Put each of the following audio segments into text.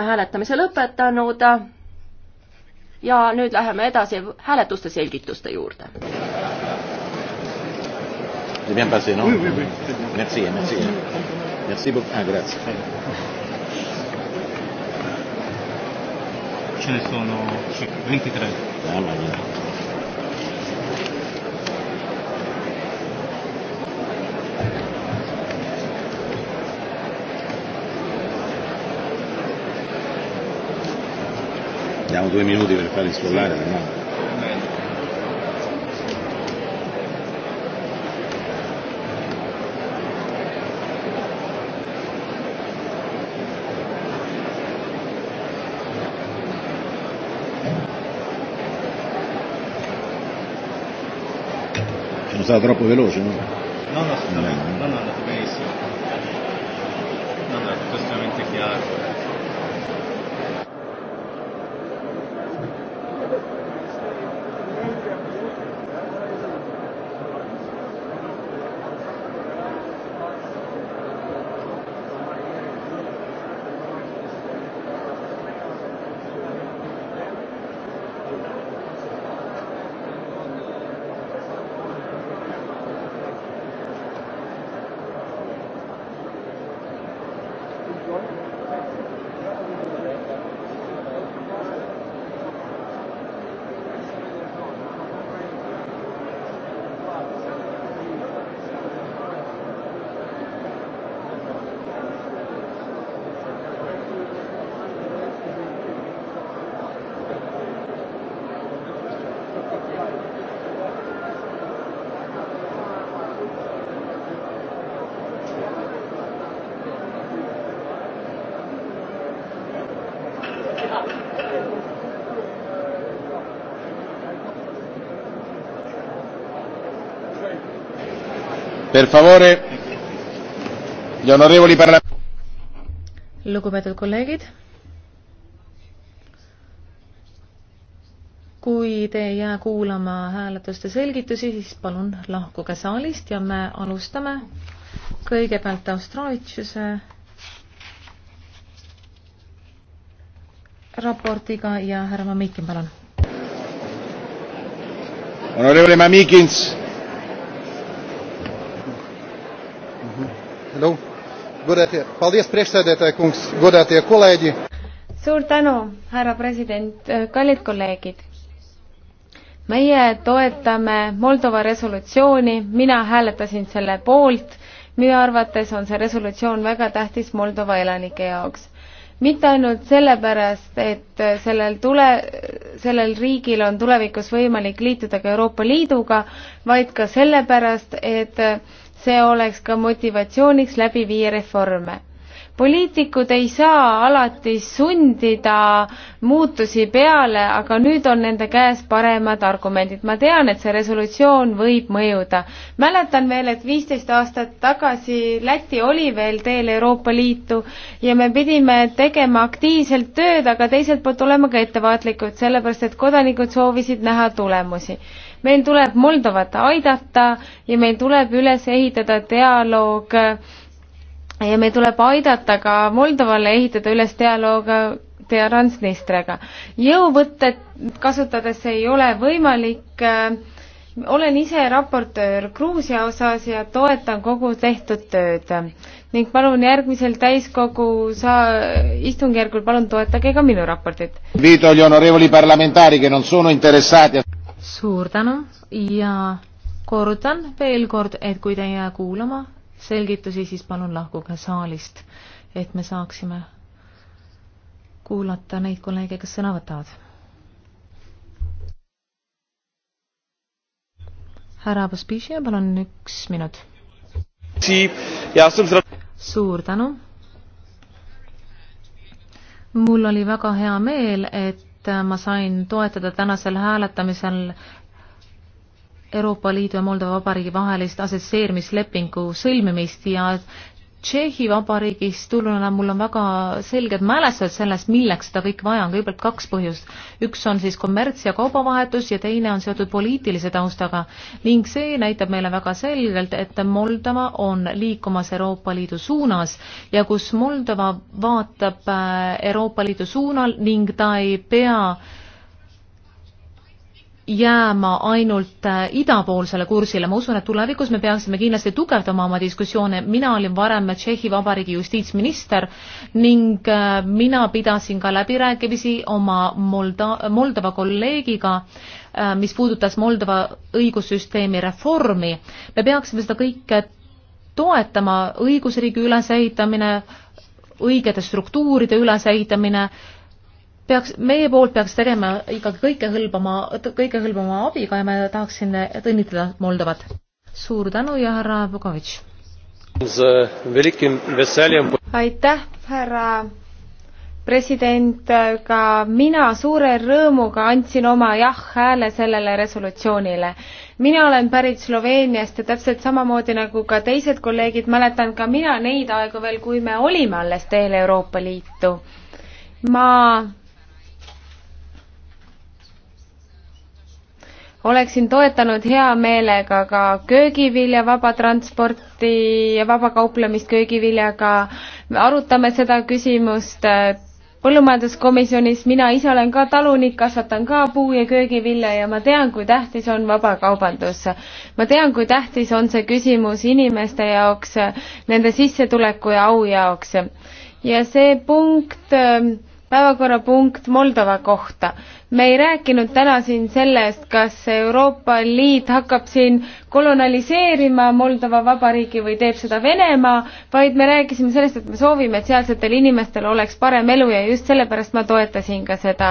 oleme hääletamise lõpetanud. ja nüüd läheme edasi hääletuste selgituste juurde. Bien passé, non oui, oui, oui. Merci, merci. Merci beaucoup. Ah, grazie. Ce ne sono 23. Ah, ma niente. Diamo due minuti per farli sfollare, ma no. Sono stato troppo veloce, no? No, no, assolutamente. No, no, no, è andato benissimo. No, no, è perfettamente chiaro. Per favore, gli onorevoli parlamentari. Lugupeetud kolleegid, kui te ei jää kuulama hääletuste selgitusi, siis palun lahkuge saalist ja me alustame kõigepealt Austraaliasse raportiga ja härra Mamikin, palun. Honorable Mamikins Nu, godētie, paldies priekšsēdētāji kungs, godētie kolēģi. suur tänu, härra president, kallid kolleegid. meie toetame Moldova resolutsiooni, mina hääletasin selle poolt. minu arvates on see resolutsioon väga tähtis Moldova elanike jaoks mitte ainult sellepärast, et sellel tule, sellel riigil on tulevikus võimalik liituda ka Euroopa Liiduga, vaid ka sellepärast, et see oleks ka motivatsiooniks läbi viia reforme. poliitikud ei saa alati sundida muutusi peale, aga nüüd on nende käes paremad argumendid. ma tean, et see resolutsioon võib mõjuda. mäletan veel, et viisteist aastat tagasi Läti oli veel teel Euroopa Liitu ja me pidime tegema aktiivselt tööd, aga teiselt poolt olema ka ettevaatlikud, sellepärast et kodanikud soovisid näha tulemusi meil tuleb Moldovat aidata ja meil tuleb üles ehitada dialoog ja meil tuleb aidata ka Moldovale ehitada üles dialoog Transnistriaga. jõuvõtted kasutades ei ole võimalik olen ise raportöör Gruusia osas ja toetan kogu tehtud tööd ning palun järgmisel täiskogu saa-, istungjärgul palun toetage ka minu raportit suur tänu ja kordan veel kord, et kui te ei jää kuulama selgitusi, siis palun lahkuge saalist, et me saaksime kuulata neid kolleege, kes sõna võtavad. härra Pospišia, palun üks minut. suur tänu. mul oli väga hea meel, et et ma sain toetada tänasel hääletamisel Euroopa Liidu ja Moldova Vabariigi vahelist assotsieerimislepingu sõlmimist ja Tšehhi Vabariigist tulnuna mul on väga selged mälestused sellest, milleks seda kõike vaja on, kõigepealt kaks põhjust. üks on siis kommerts- ja kaubavahetus ja teine on seotud poliitilise taustaga ning see näitab meile väga selgelt, et Moldova on liikumas Euroopa Liidu suunas ja kus Moldova vaatab äh, Euroopa Liidu suunal ning ta ei pea äh, jääma ainult äh, idapoolsele kursile, ma usun, et tulevikus me peaksime kindlasti tugevdama oma diskussioone, mina olin varem Tšehhi Vabariigi justiitsminister ning äh, mina pidasin ka läbirääkimisi oma Molda-, Moldova kolleegiga, äh, mis puudutas Moldova õigussüsteemi reformi, me peaksime seda kõike toetama, õigusriigi ülesehitamine, õigete struktuuride ülesehitamine, peaks, meie poolt peaks tegema ikkagi kõikehõlbama, kõikehõlbama abiga ja ma tahaksin õnnitleda Moldovat. suur tänu ja härra Pukovitš. aitäh, härra president, ka mina suure rõõmuga andsin oma jah-hääle sellele resolutsioonile. mina olen pärit Sloveeniast ja täpselt samamoodi nagu ka teised kolleegid, mäletan ka mina neid aegu veel, kui me olime alles teel Euroopa Liitu. ma oleksin toetanud hea meelega ka köögivilja vaba transporti ja vabakauplemist köögiviljaga. arutame seda küsimust äh, põllumajanduskomisjonis, mina ise olen ka talunik, kasvatan ka puu- ja köögivilja ja ma tean, kui tähtis on vabakaubandus. ma tean, kui tähtis on see küsimus inimeste jaoks, nende sissetuleku ja au jaoks. ja see punkt äh, päevakorrapunkt Moldova kohta. me ei rääkinud täna siin sellest, kas Euroopa Liit hakkab siin koloniseerima Moldova Vabariigi või teeb seda Venemaa, vaid me rääkisime sellest, et me soovime, et sealsetel inimestel oleks parem elu ja just sellepärast ma toetasin ka seda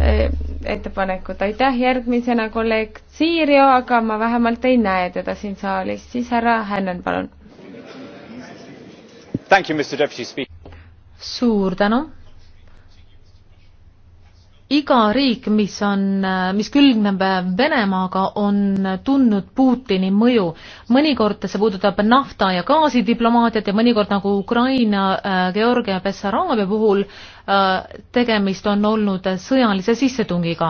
eh, ettepanekut. aitäh, järgmisena kolleeg Siirio, aga ma vähemalt ei näe teda siin saalis, siis härra Hännen, palun. suur tänu iga riik, mis on, mis külgneb Venemaaga, on tundnud Putini mõju. mõnikord see puudutab nafta- ja gaasidiplomaatiat ja mõnikord nagu Ukraina äh, Georgia Bessaraabia puhul Äh, tegemist on olnud sõjalise sissetungiga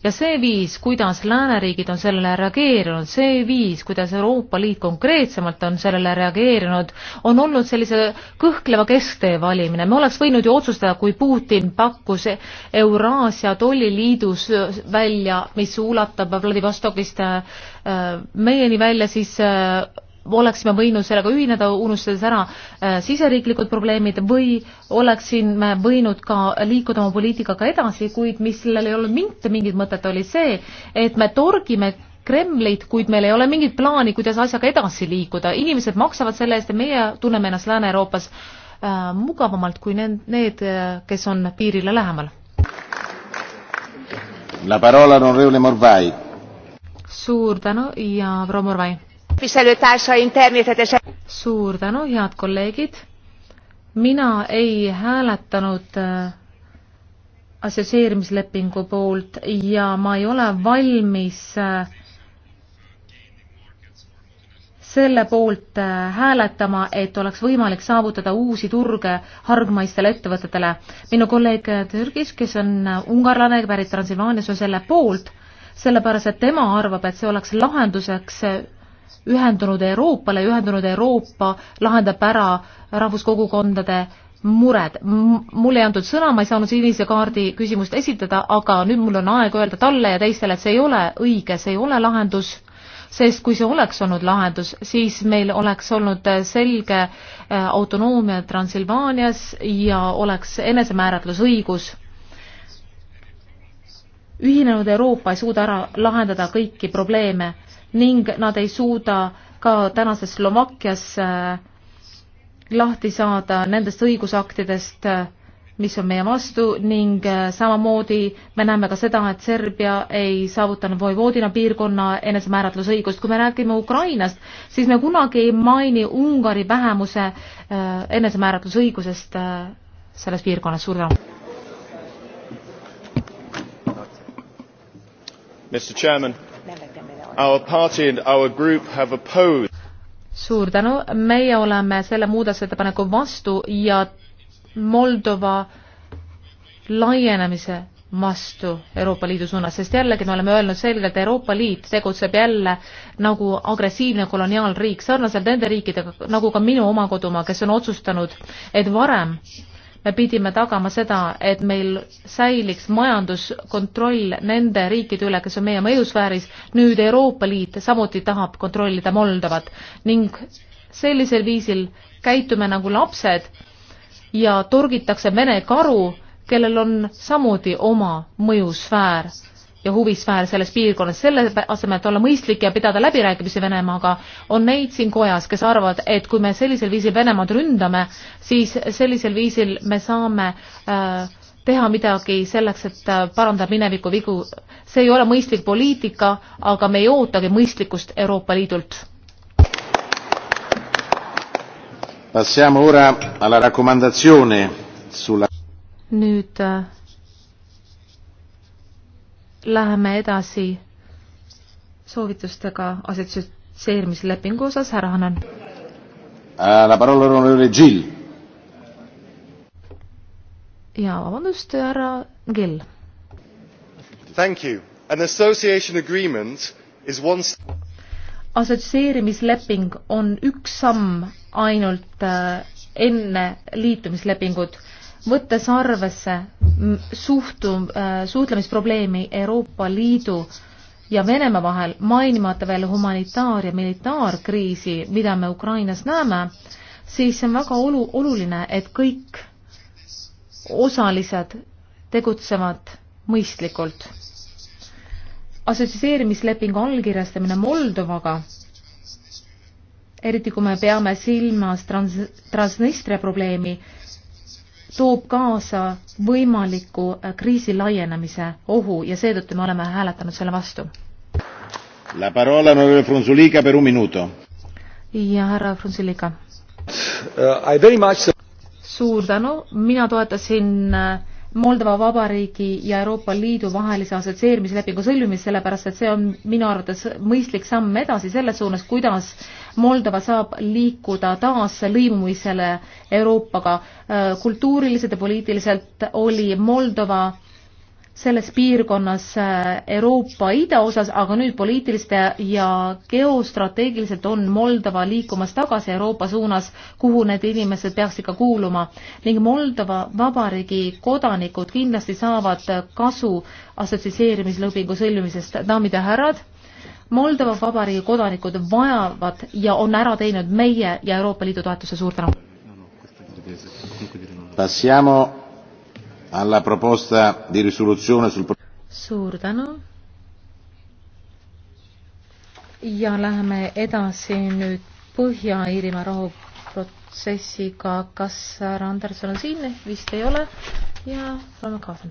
ja see viis, kuidas lääneriigid on sellele reageerinud, see viis, kuidas Euroopa Liit konkreetsemalt on sellele reageerinud, on olnud sellise kõhkleva kesktee valimine. me oleks võinud ju otsustada, kui Putin pakkus Euraasia tolliliidus välja, mis ulatab Vladivostokist äh, meieni välja, siis äh, oleksime võinud sellega ühineda, unustades ära äh, siseriiklikud probleemid või oleksime võinud ka liikuda oma poliitikaga edasi, kuid mis sellel ei olnud mitte mingit mõtet, oli see, et me torgime Kremlit, kuid meil ei ole mingit plaani, kuidas asjaga edasi liikuda. inimesed maksavad selle eest ja meie tunneme ennast Lääne-Euroopas äh, mugavamalt kui need, need, äh, kes on piirile lähemal. suur tänu ja proua Murvai képviselőtársaim természetesen... Suur tänu, head kolleegid. Mina ei hääletanud äh, assoseerimislepingu poolt ja ma ei ole valmis äh, selle poolt äh, hääletama, et oleks võimalik saavutada uusi turge hargmaistele ettevõtetele. minu kolleeg Türgis, kes on ungarlane, pärit Transilvaanias, on selle poolt, sellepärast et tema arvab, et see oleks lahenduseks ühendunud Euroopale, ühendunud Euroopa lahendab ära rahvuskogukondade mured. mulle ei antud sõna, ma ei saanud sinise kaardi küsimust esitada, aga nüüd mul on aeg öelda talle ja teistele, et see ei ole õige, see ei ole lahendus, sest kui see oleks olnud lahendus, siis meil oleks olnud selge äh, autonoomia Transilvaanias ja oleks enesemääratlusõigus. ühinenud Euroopa ei suuda ära lahendada kõiki probleeme ning nad ei suuda ka tänases Slovakkias äh, lahti saada nendest õigusaktidest, äh, mis on meie vastu ning äh, samamoodi me näeme ka seda, et Serbia ei saavutanud Vojvodina piirkonna enesemääratlusõigust. kui me räägime Ukrainast, siis me kunagi ei maini Ungari vähemuse enesemääratlusõigusest selles piirkonnas. suur tänu. Mr Chairman Our party and our group have opposed. suur tänu, meie oleme selle muudatusettepaneku vastu ja Moldova laienemise vastu Euroopa Liidu suunas, sest jällegi me oleme öelnud selgelt, Euroopa Liit tegutseb jälle nagu agressiivne koloniaalriik, sarnaselt nende riikidega, nagu ka minu oma kodumaa, kes on otsustanud, et varem me pidime tagama seda, et meil säiliks majanduskontroll nende riikide üle, kes on meie mõjusfääris. nüüd Euroopa Liit samuti tahab kontrollida Moldovat ning sellisel viisil käitume nagu lapsed ja torgitakse Vene karu, kellel on samuti oma mõjusfäär ja huvisfäär selles piirkonnas, selle asemel, et olla mõistlik ja pidada läbirääkimisi Venemaaga, on neid siin kojas, kes arvavad, et kui me sellisel viisil Venemaad ründame, siis sellisel viisil me saame äh, teha midagi selleks, et äh, parandada mineviku vigu. see ei ole mõistlik poliitika, aga me ei ootagi mõistlikkust Euroopa Liidult. Passiamo ora alla raccomandazione sulla nüüd äh, läheme edasi soovitustega assotsieerimislepingu osas, härra Hanan. Äh, ja vabandust, härra Gill. Thank you. An association agreement is one assotsieerimisleping on üks samm ainult äh, enne liitumislepingut võttes arvesse suhtum-, äh, suhtlemisprobleemi Euroopa Liidu ja Venemaa vahel, mainimata veel humanitaar- ja militaarkriisi, mida me Ukrainas näeme, siis on väga olu-, oluline, et kõik osalised tegutsevad mõistlikult. assotsieerimislepingu allkirjastamine Moldovaga, eriti kui me peame silmas trans-, Transnistria probleemi, toob kaasa võimaliku äh, kriisi laienemise ohu ja seetõttu me oleme hääletanud selle vastu. La parola onorevole Frunzulica per un minuto. ja härra Frunzulica uh,. Much... suur tänu, mina toetasin uh, Moldova Vabariigi ja Euroopa Liidu vahelise assotsieerimislepingu sõlmimist, sellepärast et see on minu arvates mõistlik samm edasi selles suunas, kuidas Moldova saab liikuda taas lõimumisele Euroopaga. kultuuriliselt ja poliitiliselt oli Moldova selles piirkonnas äh, Euroopa idaosas, aga nüüd poliitiliste ja geostrateegiliselt on Moldova liikumas tagasi Euroopa suunas, kuhu need inimesed peaks ikka kuuluma. ning Moldova Vabariigi kodanikud kindlasti saavad kasu assotsieerimislepingu sõlmimisest, daamid ja härrad Moldova Vabariigi kodanikud vajavad ja on ära teinud meie ja Euroopa Liidu toetuse, suur tänu alla proposta di risoluzione sul suur tänu. ja läheme edasi nüüd Põhja-Iirimaa rahuprotsessiga. kas härra Anderson on siin? vist ei ole. ja proua McCarthy.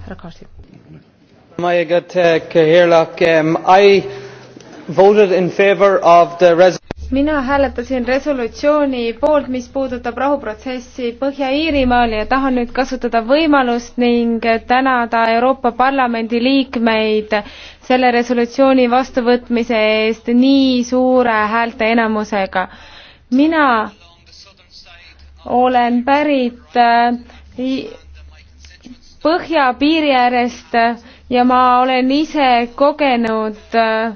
härra McCarthy. My good uh, Kahirlak, um, I voted in favor of the res- mina hääletasin resolutsiooni poolt, mis puudutab rahuprotsessi Põhja-Iirimaal ja tahan nüüd kasutada võimalust ning tänada Euroopa Parlamendi liikmeid selle resolutsiooni vastuvõtmise eest nii suure häälteenamusega. mina olen pärit äh, põhjapiiri äärest ja ma olen ise kogenud äh,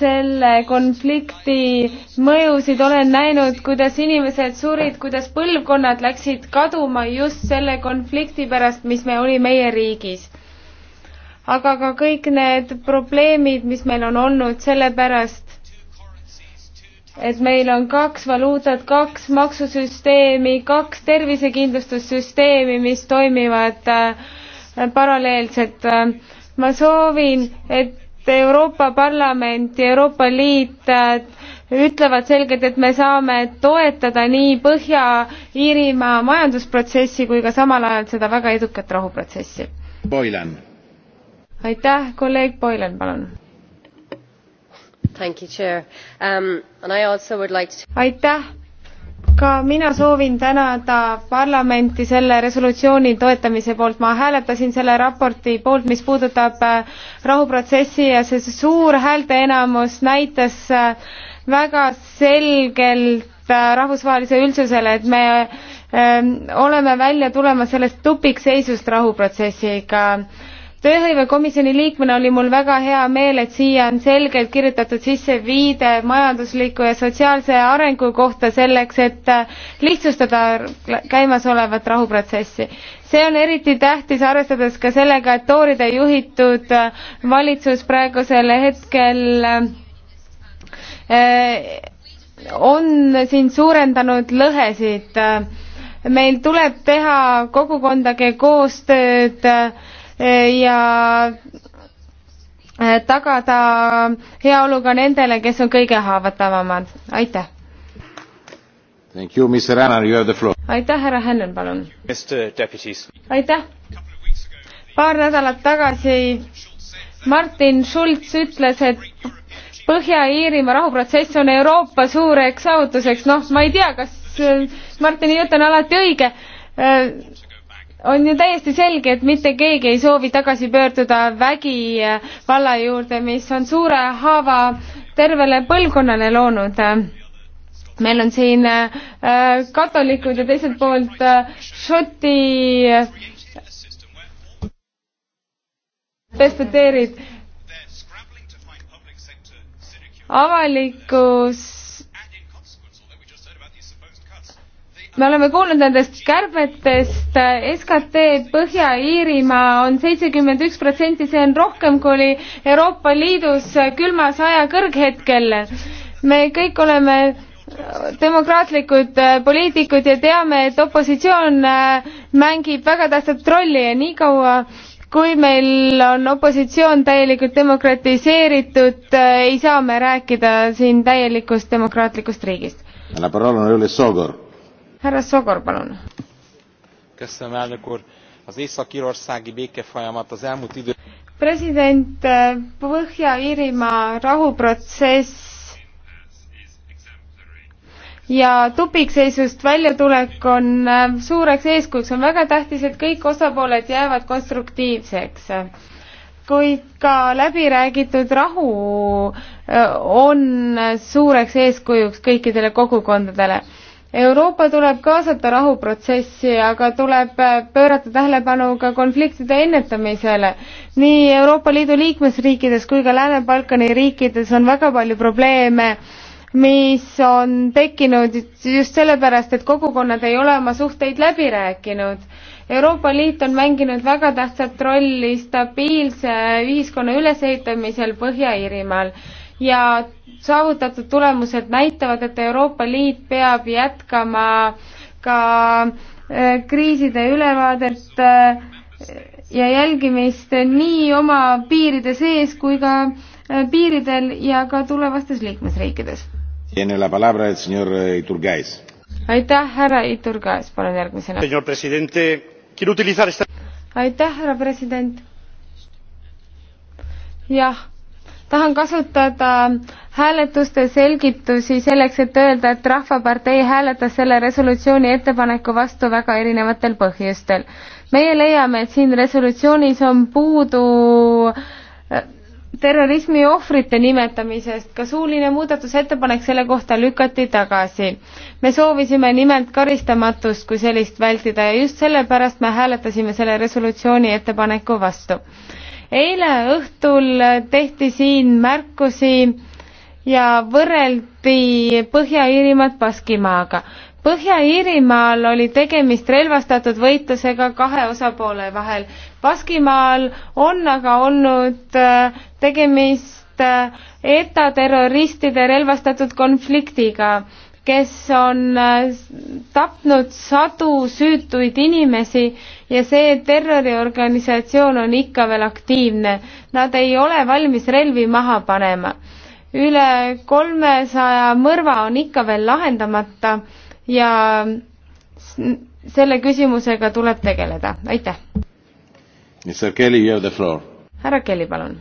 selle konflikti mõjusid, olen näinud, kuidas inimesed surid, kuidas põlvkonnad läksid kaduma just selle konflikti pärast, mis me oli meie riigis. aga ka kõik need probleemid, mis meil on olnud sellepärast, et meil on kaks valuutat, kaks maksusüsteemi, kaks tervisekindlustussüsteemi, mis toimivad äh, paralleelselt äh,. ma soovin, et Euroopa Parlament ja Euroopa Liit äh, ütlevad selgelt, et me saame toetada nii Põhja-Iirimaa majandusprotsessi kui ka samal ajal seda väga edukat rahuprotsessi. Boylan. aitäh, kolleeg Boylan, palun. Thank you, chair um,. And I also would like to aitäh ka mina soovin tänada parlamenti selle resolutsiooni toetamise poolt. ma hääletasin selle raporti poolt, mis puudutab äh, rahuprotsessi ja see suur häälteenamus näitas äh, väga selgelt äh, rahvusvahelisele üldsusele, et me öö, oleme välja tulemas sellest tupikseisust rahuprotsessiga tööhõivekomisjoni liikmena oli mul väga hea meel, et siia on selgelt kirjutatud sisse viide majandusliku ja sotsiaalse arengu kohta selleks, et äh, lihtsustada käimasolevat rahuprotsessi. see on eriti tähtis, arvestades ka sellega, et tooride juhitud äh, valitsus praegusel hetkel äh, on siin suurendanud lõhesid. meil tuleb teha kogukondade koostööd äh, ja äh, tagada heaolu ka nendele, kes on kõige haavatavamad. aitäh! aitäh, härra Hennon, palun! aitäh! paar nädalat tagasi Martin Schulz ütles, et Põhja-Iirimaa rahuprotsess on Euroopa suureks saavutuseks, noh, ma ei tea, kas äh, Martini jutt on alati õige äh, on ju täiesti selge, et mitte keegi ei soovi tagasi pöörduda vägivalla äh, juurde, mis on suure haava tervele põlvkonnale loonud. meil on siin äh, katolikud ja teiselt poolt äh, Šoti pespeteerid. Äh, avalikus me oleme kuulnud nendest kärbetest, SKT Põhja-Iirimaa on seitsekümmend üks protsenti, see on rohkem, kui oli Euroopa Liidus külma saja kõrghetkel. me kõik oleme demokraatlikud poliitikud ja teame, et opositsioon mängib väga tähtsat rolli ja niikaua kui meil on opositsioon täielikult demokratiseeritud, ei saa me rääkida siin täielikust demokraatlikust riigist härra Sogor, palun. president, eh, Põhja-Iirimaa rahuprotsess ja tupikseisust väljatulek on eh, suureks eeskujuks, on väga tähtis, et kõik osapooled jäävad konstruktiivseks. kuid ka läbiräägitud rahu eh, on suureks eeskujuks kõikidele kogukondadele Euroopa tuleb kaasata rahuprotsessi, aga tuleb äh, pöörata tähelepanu ka konfliktide ennetamisele. nii Euroopa Liidu liikmesriikides kui ka Lääne-Balkani riikides on väga palju probleeme, mis on tekkinud just sellepärast, et kogukonnad ei ole oma suhteid läbi rääkinud. Euroopa Liit on mänginud väga tähtsat rolli stabiilse ühiskonna ülesehitamisel Põhja-Iirimaal ja saavutatud tulemused näitavad, et Euroopa Liit peab jätkama ka äh, kriiside ülevaadet äh, ja jälgimist nii oma piiride sees kui ka äh, piiridel ja ka tulevastes liikmesriikides. Eh, aitäh, härra Iturgais, palun järgmisena. aitäh, härra president. jah tahan kasutada hääletuste selgitusi selleks, et öelda, et Rahvapartei hääletas selle resolutsiooni ettepaneku vastu väga erinevatel põhjustel. meie leiame, et siin resolutsioonis on puudu äh, terrorismi ohvrite nimetamisest, ka suuline muudatusettepanek selle kohta lükati tagasi. me soovisime nimelt karistamatust kui sellist vältida ja just sellepärast me hääletasime selle resolutsiooni ettepaneku vastu eile õhtul tehti siin märkusi ja võrreldi Põhja-Iirimaad Baskimaaga. Põhja-Iirimaal oli tegemist relvastatud võitlusega kahe osapoole vahel. Baskimaal on aga olnud äh, tegemist äh, ETA terroristide relvastatud konfliktiga kes on äh, tapnud sadu süütuid inimesi ja see terroriorganisatsioon on ikka veel aktiivne. Nad ei ole valmis relvi maha panema. üle kolmesaja mõrva on ikka veel lahendamata ja selle küsimusega tuleb tegeleda, aitäh. härra Kelly, palun.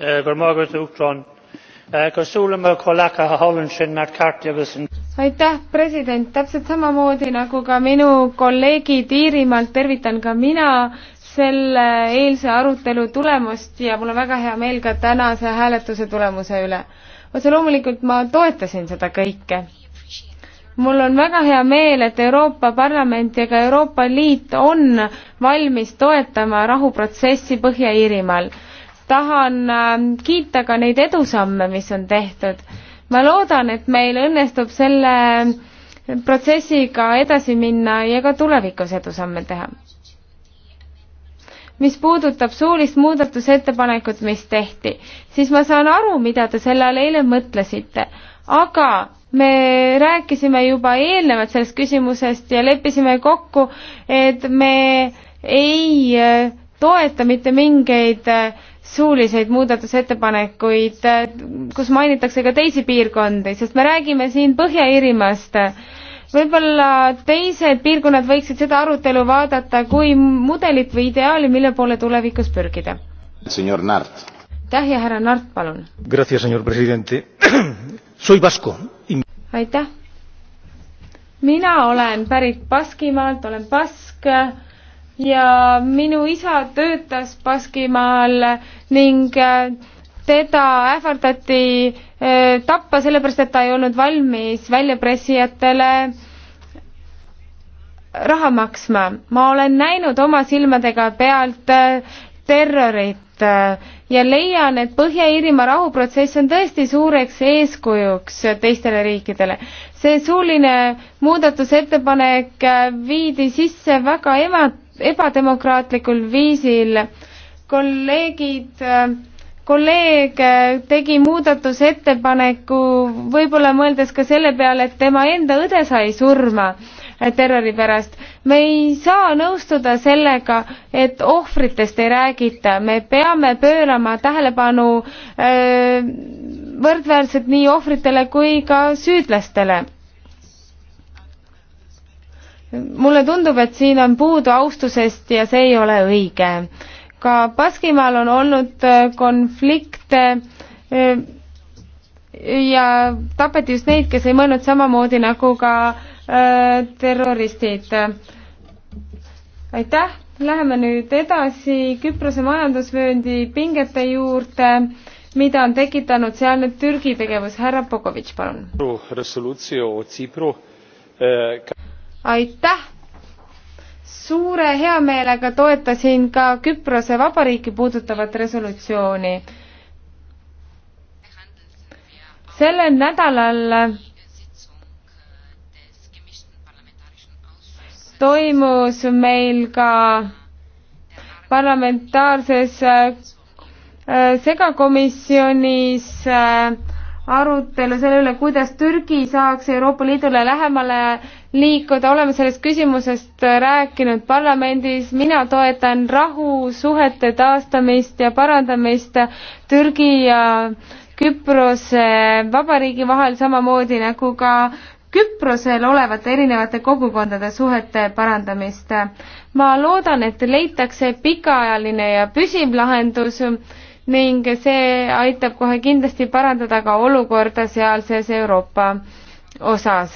Eh, aitäh president täpselt samamoodi nagu ka minu kolleegid iirimaalt tervitan ka mina selle eilse arutelu tulemust ja mul on väga hea meel ka tänase hääletuse tulemuse üle otse loomulikult ma toetasin seda kõike mul on väga hea meel, et Euroopa Parlament ja ka Euroopa Liit on valmis toetama rahuprotsessi Põhja-Iirimaal tahan äh, kiita ka neid edusamme, mis on tehtud. ma loodan, et meil õnnestub selle protsessiga edasi minna ja ka tulevikus edusamme teha. mis puudutab suulist muudatusettepanekut, mis tehti, siis ma saan aru, mida te selle all eile mõtlesite, aga me rääkisime juba eelnevalt sellest küsimusest ja leppisime kokku, et me ei äh, toeta mitte mingeid äh, suuliseid muudatusettepanekuid, kus mainitakse ka teisi piirkondi, sest me räägime siin Põhja-Iirimaast. võib-olla teised piirkonnad võiksid seda arutelu vaadata kui mudelit või ideaali, mille poole tulevikus pürgida. aitäh ja härra Nart, palun. aitäh. mina olen pärit Baskimaalt, olen Bask ja minu isa töötas Baskimaal ning äh, teda ähvardati äh, tappa sellepärast, et ta ei olnud valmis väljapressijatele raha maksma. ma olen näinud oma silmadega pealt äh, terrorit ja leian, et Põhja-Iirimaa rahuprotsess on tõesti suureks eeskujuks teistele riikidele. see suuline muudatusettepanek viidi sisse väga emat-, ebademokraatlikul viisil. kolleegid, kolleeg tegi muudatusettepaneku võib-olla mõeldes ka selle peale, et tema enda õde sai surma terrori pärast. me ei saa nõustuda sellega, et ohvritest ei räägita, me peame pöörama tähelepanu võrdväärselt nii ohvritele kui ka süüdlastele mulle tundub, et siin on puudu austusest ja see ei ole õige. ka Baskimaal on olnud äh, konflikte äh, ja tapeti just neid, kes ei mõelnud samamoodi nagu ka äh, terroristid. aitäh, läheme nüüd edasi Küprose majandusvööndi pingete juurde, mida on tekitanud seal nüüd Türgi tegevus. härra Pokovitš, palun. resolutsioon Tsipru aitäh! suure heameelega toetasin ka Küprose Vabariiki puudutavat resolutsiooni. sellel nädalal toimus meil ka parlamentaarses äh, segakomisjonis äh, arutelu selle üle, kuidas Türgi saaks Euroopa Liidule lähemale liikuda, oleme sellest küsimusest rääkinud parlamendis, mina toetan rahusuhete taastamist ja parandamist Türgi ja Küprose vabariigi vahel, samamoodi nagu ka Küprosel olevate erinevate kogukondade suhete parandamist. ma loodan, et leitakse pikaajaline ja püsiv lahendus ning see aitab kohe kindlasti parandada ka olukorda sealses Euroopa osas.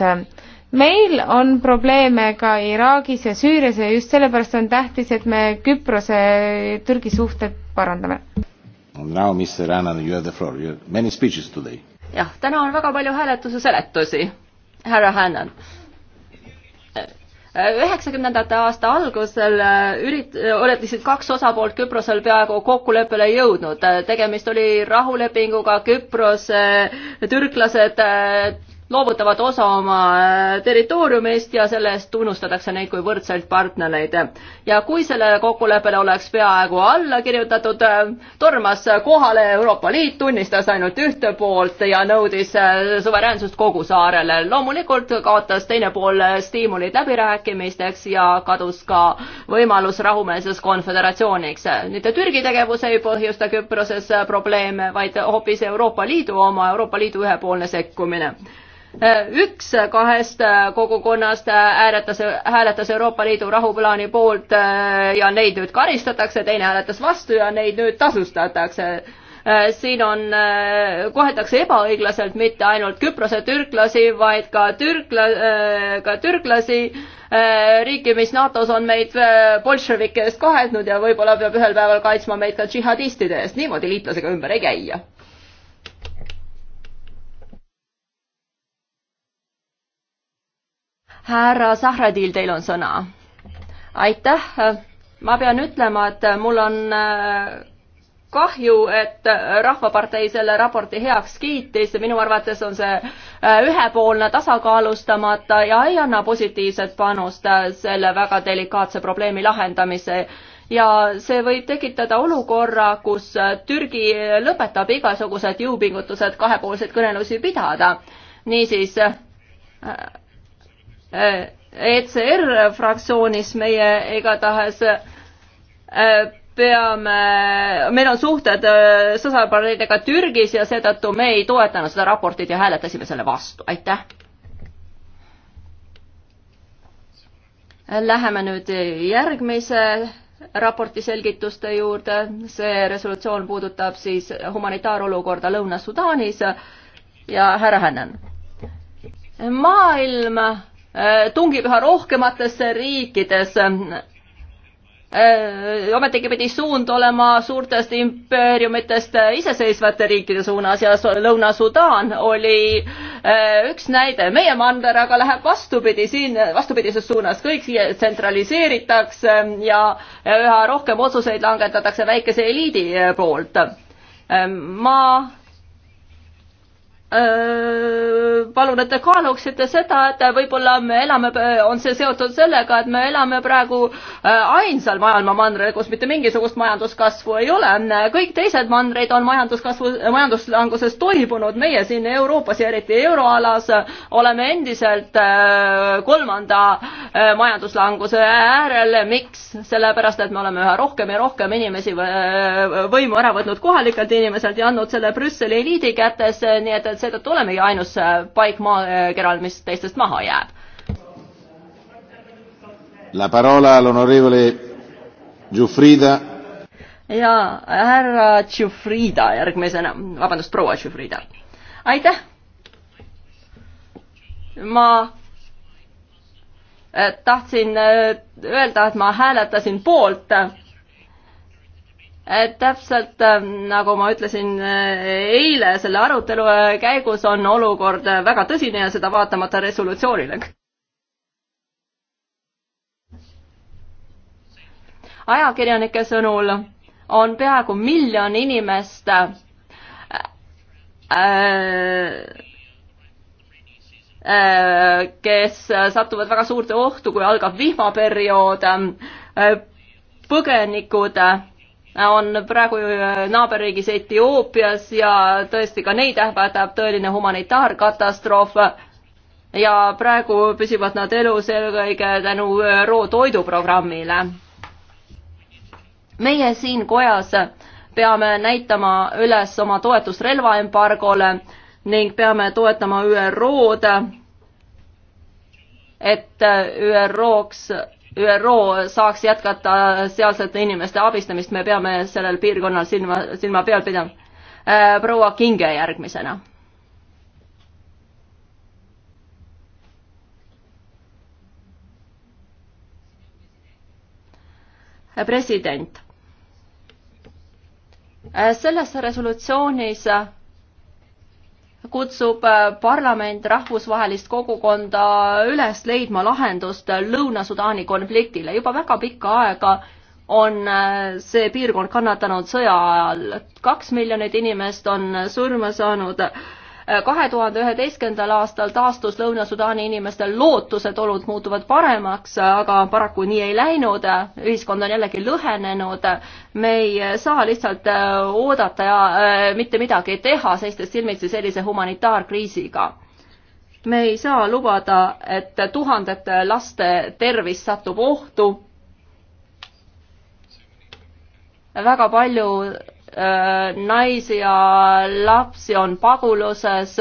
meil on probleeme ka Iraagis ja Süürias ja just sellepärast on tähtis, et me Küprose Türgi suhted parandame. Now Mr Annan, you have the floor, you have many speeches today. jah, täna on väga palju hääletuse seletusi, härra Hannan üheksakümnendate aasta algusel äh, ürit-, oletasid kaks osapoolt Küprosel peaaegu kokkuleppele jõudnud. tegemist oli rahulepinguga, Küpros, türklased äh, loovutavad osa oma äh, territooriumist ja selle eest tunnustatakse neid kui võrdseid partnereid. ja kui sellele kokkuleppele oleks peaaegu alla kirjutatud, äh, tormas kohale Euroopa Liit, tunnistas ainult ühte poolt ja nõudis äh, suveräänsust kogu saarele. loomulikult kaotas teine pool stiimulid läbirääkimisteks ja kadus ka võimalus rahumeelses konföderatsiooniks. nüüd Türgi tegevus ei põhjusta Küproses probleeme, vaid hoopis Euroopa Liidu oma, Euroopa Liidu ühepoolne sekkumine Äh, üks kahest äh, kogukonnast äh, hääletas, hääletas Euroopa Liidu rahuplaani poolt ja neid nüüd karistatakse, teine hääletas vastu ja neid nüüd tasustatakse. siin on, koheldakse ebaõiglaselt mitte ainult Küprose türklasi, vaid ka türkla-, ka türklasi, riiki, mis NATO-s on meid bolševike eest kahelnud ja võib-olla peab ühel päeval kaitsma meid ka džihadistide eest, niimoodi liitlasega ümber ei käia härra Zahradil, teil on sõna. aitäh, ma pean ütlema, et mul on äh, kahju, et Rahvapartei selle raporti heaks kiitis, minu arvates on see äh, ühepoolne, tasakaalustamata ja ei anna positiivset panust äh, selle väga delikaatse probleemi lahendamise ja see võib tekitada olukorra, kus Türgi lõpetab igasugused jõupingutused kahepoolseid kõnelusi pidada. niisiis ECR fraktsioonis meie igatahes e, peame, meil on suhted e, sõsarparteidega Türgis ja seetõttu me ei toetanud seda raportit ja hääletasime selle vastu, aitäh. Läheme nüüd järgmise raporti selgituste juurde, see resolutsioon puudutab siis humanitaarolukorda Lõuna-Sudaanis ja härra Hännen. maailm Äh, tungib üha rohkematesse riikidesse. Äh, ometigi pidi suund olema suurtest impeeriumitest iseseisvate riikide suunas ja Lõuna-Sudaan oli äh, üks näide. meie mandar aga läheb vastupidi, siin vastupidises suunas, kõik siia tsentraliseeritakse ja üha rohkem otsuseid langetatakse väikese eliidi poolt. ma palun, et te kaaluksite seda, et võib-olla me elame, on see seotud sellega, et me elame praegu ainsal maailma mandril, kus mitte mingisugust majanduskasvu ei ole. kõik teised mandrid on majanduskasvu, majanduslanguses toibunud, meie siin Euroopas ja eriti euroalas oleme endiselt kolmanda majanduslanguse äärel. miks? sellepärast, et me oleme üha rohkem ja rohkem inimesi võimu ära võtnud kohalikelt inimeselt ja andnud selle Brüsseli eliidi kätesse, nii et, et seetõttu olemegi ainus äh, paik maakeral, äh, mis teistest maha jääb. La parola all'onorevole Giuffrida. ja härra Giuffrida järgmisena, vabandust, proua Giuffrida. aitäh. ma äh, tahtsin öelda, et ma hääletasin poolt täpselt ähm, nagu ma ütlesin äh, eile, selle arutelu äh, käigus on olukord äh, väga tõsine ja seda vaatamata resolutsioonile. ajakirjanike sõnul on peaaegu miljon inimest äh, kes satuvad väga suurde ohtu, kui algab vihmaperiood. põgenikud on praegu äh, naaberriigis Etioopias ja tõesti ka neid ähvardab tõeline humanitaarkatastroof. ja praegu püsivad nad elus eelkõige tänu ÜRO äh, toiduprogrammile. meie siin kojas peame näitama üles oma toetust relvaembargole ning peame toetama ÜRO-d, et äh, ÜRO-ks ÜRO saaks jätkata sealsete inimeste abistamist, me peame sellel piirkonnal silma, silma peal pidama. Äh, proua Kinge järgmisena. Äh, president. Äh, selles resolutsioonis kutsub äh, parlament rahvusvahelist kogukonda üles leidma lahendust Lõuna-Sudaani konfliktile. juba väga pikka aega on äh, see piirkond kannatanud sõja ajal. kaks miljonit inimest on surma saanud kahe tuhande üheteistkümnendal aastal taastus Lõuna-Sudaani inimestel lootus, et olud muutuvad paremaks, aga paraku nii ei läinud, ühiskond on jällegi lõhenenud, me ei saa lihtsalt äh, oodata ja äh, mitte midagi teha, seistes silmitsi sellise humanitaarkriisiga me ei saa lubada, et tuhandete laste tervis satub ohtu. väga palju Äh, naisi ja lapsi on paguluses.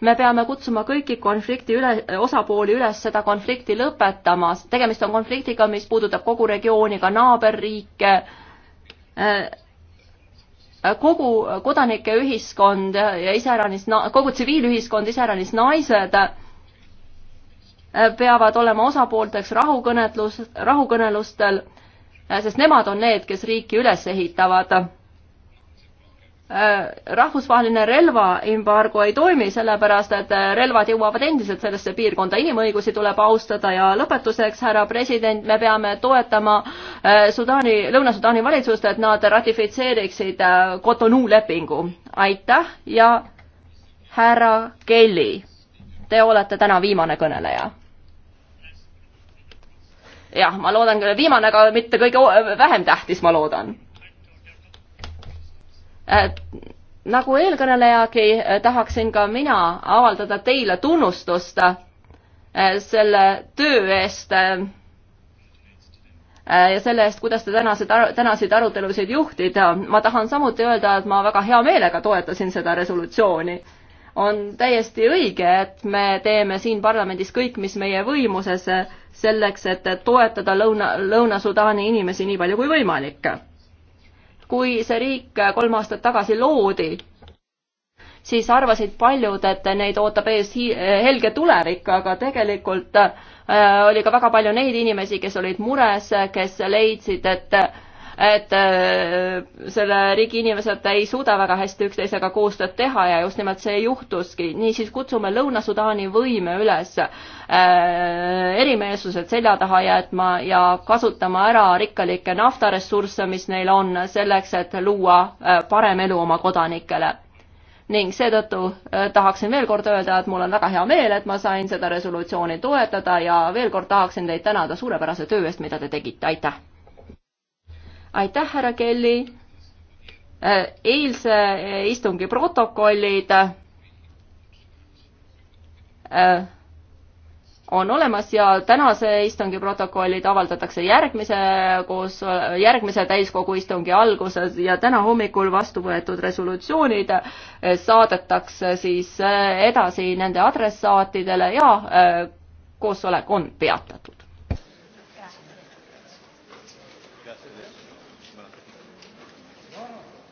me peame kutsuma kõiki konflikti üle, osapooli üles seda konflikti lõpetama. tegemist on konfliktiga, mis puudutab kogu regiooni, ka naaberriike äh, kogu kodanike ühiskond ja iseäranis, kogu tsiviilühiskond, iseäranis naised äh, peavad olema osapoolteks rahukõnetlus, rahukõnelustel, sest nemad on need, kes riiki üles ehitavad. Äh, rahvusvaheline relvaembargo ei toimi, sellepärast et äh, relvad jõuavad endiselt sellesse piirkonda, inimõigusi tuleb austada ja lõpetuseks, härra president, me peame toetama äh, Sudaani, Lõuna-Sudaani valitsust, et nad ratifitseeriksid Cotonou lepingu. aitäh ja härra Kelly, te olete täna viimane kõneleja. jah, ma loodan, viimane, aga mitte kõige vähem tähtis, ma loodan Äh, nagu eelkõnelejagi, äh, tahaksin ka mina avaldada teile tunnustust äh, selle töö eest ja selle eest, kuidas te tänased, tänaseid arutelusid juhtida. ma tahan samuti öelda, et ma väga hea meelega toetasin seda resolutsiooni. on täiesti õige, et me teeme siin parlamendis kõik, mis meie võimuses, selleks, et toetada Lõuna, Lõuna-Sudaani inimesi nii palju kui võimalik kui see riik kolm aastat tagasi loodi, siis arvasid paljud, et neid ootab ees helge tulevik, aga tegelikult äh, oli ka väga palju neid inimesi, kes olid mures, kes leidsid, et et äh, selle riigi inimesed ei suuda väga hästi üksteisega koostööd teha ja just nimelt see juhtuski. niisiis kutsume Lõuna-Sudaani võime üles äh, erimeelsused selja taha jätma ja kasutama ära rikkalikke naftaressursse, mis neil on, selleks, et luua äh, parem elu oma kodanikele ning seetõttu tahaksin veel kord öelda, et mul on väga hea meel, et ma sain seda resolutsiooni toetada ja veel kord tahaksin teid tänada suurepärase töö eest, mida te tegite, aitäh! aitäh, härra Kelly. Äh, eilse äh, istungi protokollid äh, on olemas ja tänase istungi protokollid avaldatakse järgmise koos, järgmise täiskogu istungi alguses ja täna hommikul vastu võetud resolutsioonid saadetakse siis edasi nende adressaatidele ja koosolek on peatatud.